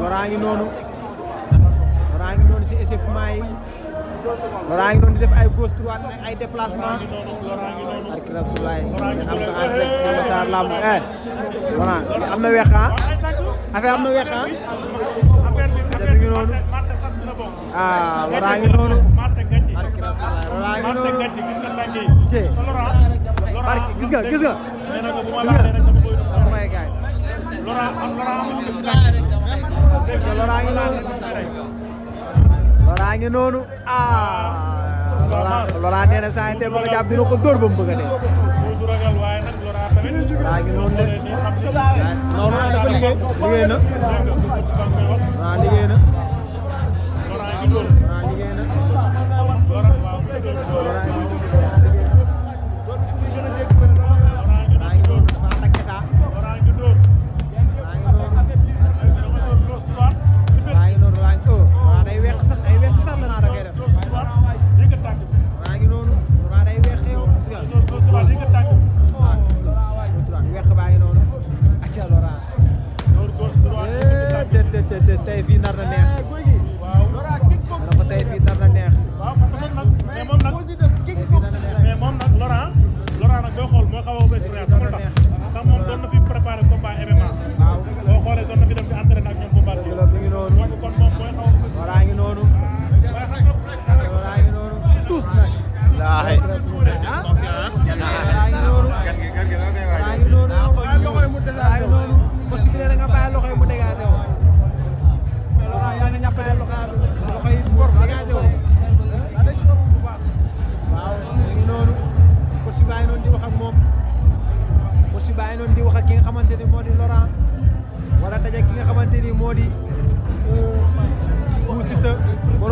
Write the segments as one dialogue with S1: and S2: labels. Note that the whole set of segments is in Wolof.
S1: Laurent ngi noonu Laurent ngi noonu def ay gauche ay déplacement barke Rasulaay ngeen am ko en direct eh, na weex ah, ah? ah ngi noonu ah Laurent ngi noonu barke Rasulaay Laurent noonu c'est barke gis nga gis nga gis nga oh Laurent ngi noonu ah Laurent nee na saa yi tey bëgg a jàpp dina ko dóor ba mu bëgg a dee. Laurent ngi noonu de noonu dafa liggéey liggéey na.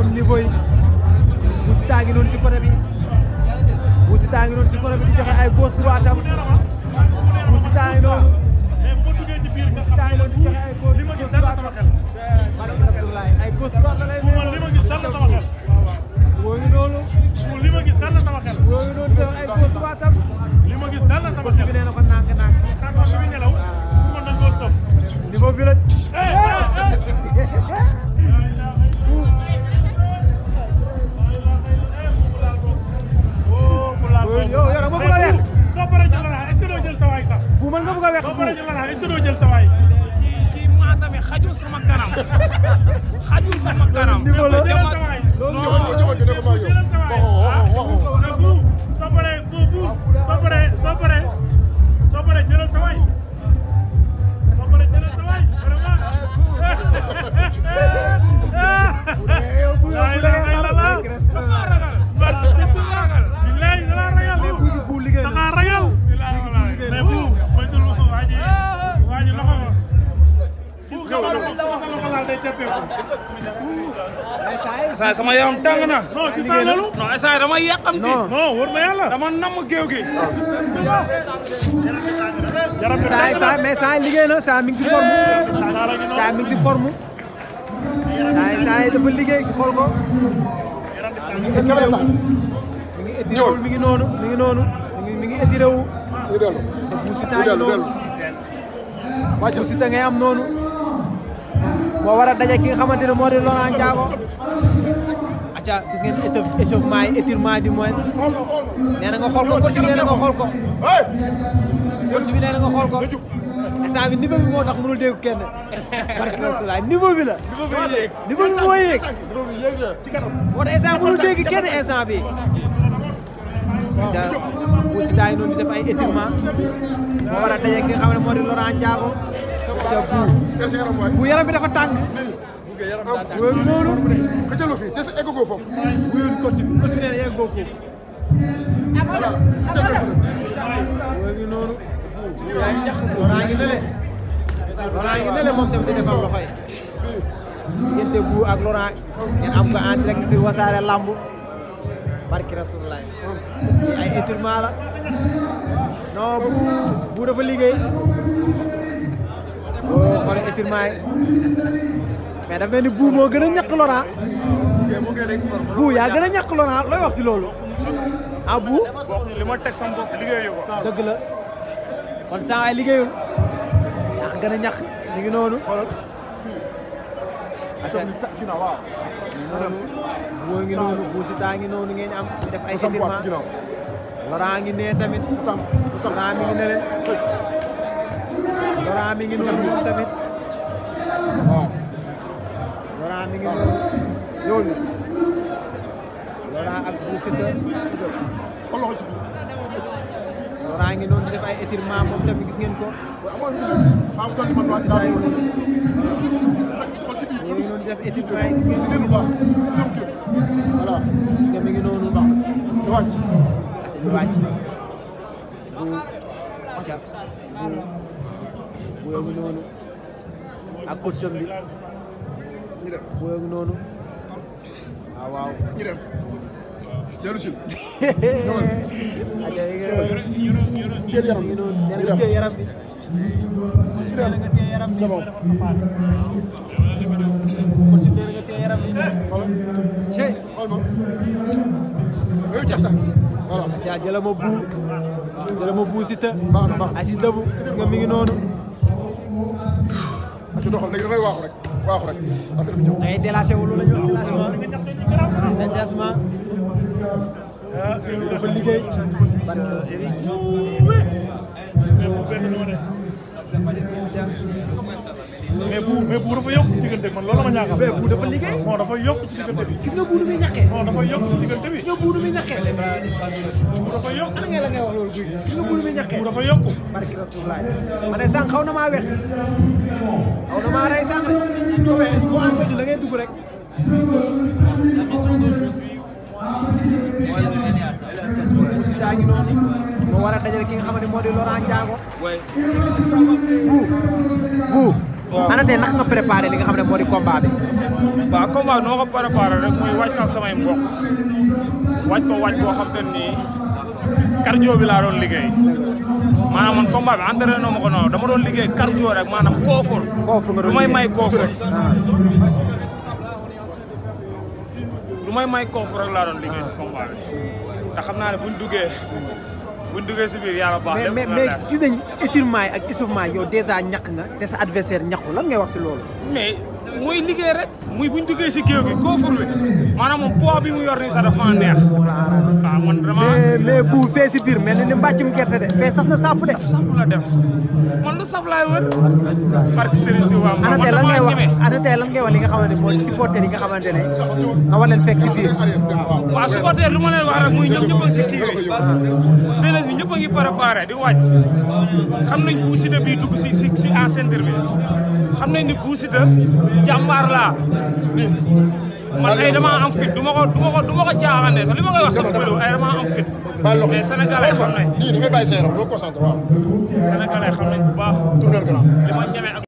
S1: am niveau yi Bou Siteu ngi noonu ci côté bi Bou Siteu ngi noonu ci côté bi di joxe ay gauche droite am Bou Siteu ngi noonu Bou Siteu ngi noonu di joxe ay gauche droite am ay gauche droite la lay kanam soo paree soo paree soo paree jëlal sa waay saa sama yaram tàng na. non gis naa loolu. liggéey na saa mi ngi si forme. saa mi ngi dafa liggéey xool ko. mi ngi étiré wu noonu mi ngi noonu mi ngi noonu. moo war a daje ki nga xamante ne moo di Laurent Ndiago acca gis ngeen échauffement yi étirement du moins nee na na nga xool bi nee tax mënul dégg kenn barke Rasulullah niveau bi la niveau bi moo yéeg moo tax instant mënul dégg kenn instant bi acca Bou Siteu noonu di def ay étirement moo war a daje ki nga xam ne moo di Laurent Ndiago bu bu yaram bi dafa tàng. wóorul noonu. ka jël ma fii ko foofu. wóorul coach bi coach bi nee na egg ko foofu. voilà. wóorul noonu. yaa ngi ñax wala ngi lële. wala ngi lële moom tamit si defam loxo yi. bu ak Laurent am ko en direct sur Wassare Lamb barki Rasulullah ay étirement la bu bu dafa liggéey wala étirement yi mais dafa mel ni buu moo gën a ñàkk Laurent buu yaa gën a ñàkk Laurent looy wax si loolu ah buu li ma teg liggéeyu la yaa gën a ñàkk ñu ngi noonu noonu boo ngi noonu buu si taa ngi noonu ngeen am def ay étirement Laurent ngi nee tamit Laurent mi ngi Laurent mi ngi noonu moom tamit waaw Laurent mi ngi noonu ñëw na Laurent ak Bou Siteu Laurent ngi noonu di def ay étirement moom tamit gis ngeen ko Bou Siteu ay ñu ngi noonu di def étirement yi gis ngeen ko voilà gis nga mi ngi noonu baax ñu wàcc ñu wàcc bu booyoo ngi noonu ak coach bi booyoo ngi noonu waaw ah, waaw. ñu dem dellu si. jël yaram bi nga téye yaram bi. coach bi nee na nga téye yaram bi. coach bi nee na nga téye yaram bi. xool eh, xool ma yooyu jax tax voilà. jëlama buu jëlama buu si te. baax na baax na Aziz Dabou gis nga mi ngi noonu. di doxal léegi damay waaxu rek waaxu rek affaire bi ñëw. da ngay délassé wu loolu la ñu wax délassement. Ah, dafa liggéey. barke mais bu mais bu dafa yokk ci diggante man loolu ma ñaaxal. mais bu dafa liggéey. non dafa yokk ci diggante bi. gis nga buunu muy ñàkkee. non dafa yokk ci diggante bi. gis nga buunu muy ñàkkee. bu dafa yokk. ana ngay la ngay wax loolu guy gis nga buunu muy ñàkkee. bu dafa yokk. barki rasulaay ma ne sànq xaw na maa wex xaw na maa rey sànq rek su ñu weex boo ànd ko da ngay dugg rek. la mission d'aujourd'hui mooy le gagnant. Moussa Diagne noonu moo war a dajale ki nga xam ne moo di Laurent Ndiago. bu bu. ana tey ndax nga préparé li nga xam ne moo di combat bi. waaw noo ko préparé rek muy waaj ko samay mbokk waaj ko waaj boo xam te nii cardio bi laa doon liggéey maanaam man combat bi entraîné ma ko noonu dama doon liggéey cardio rek maanaam koofur. koofur may may koofur. du ah. may may koofur rek laa doon liggéey si combat bi te xam naa ne buñ duggee si biir yàlla baax ak échauffement yi yow dèjà ñàkk na te sa adversaire ñàkku lan ngay wax si loolu mais mooy liggéey rek muy buñ duggee si géew gi koo furle maanaam moom poids mu yor nii sax dafa ma neex. waaw man dama mais mais bu fee si biir mel na ni mbàccum gerte de fee na sàpp de. saf la def lu saf laay wër. barke Serigne Touba man man damaa ana tey lan ngay wax li nga xamante ne mooy supporter ne nga war leen fekk biir. waaw supporter lu ma leen wax rek muy ñëpp a ngi si ñëpp a ngi di wàcc xam nañ Bou Siteu bi dugg si si si enceinte xam nañ ni Bou Siteu jàmbaar laa. man ay dama am fit du ma du ma ko du ma li ma koy wax sax bëriw ay am fit. baal loxo mais sénégalais xam nañ. lii da ngay bàyyi sa yaram doo concentré waaw. xam nañ bu baax. tournel gannaaw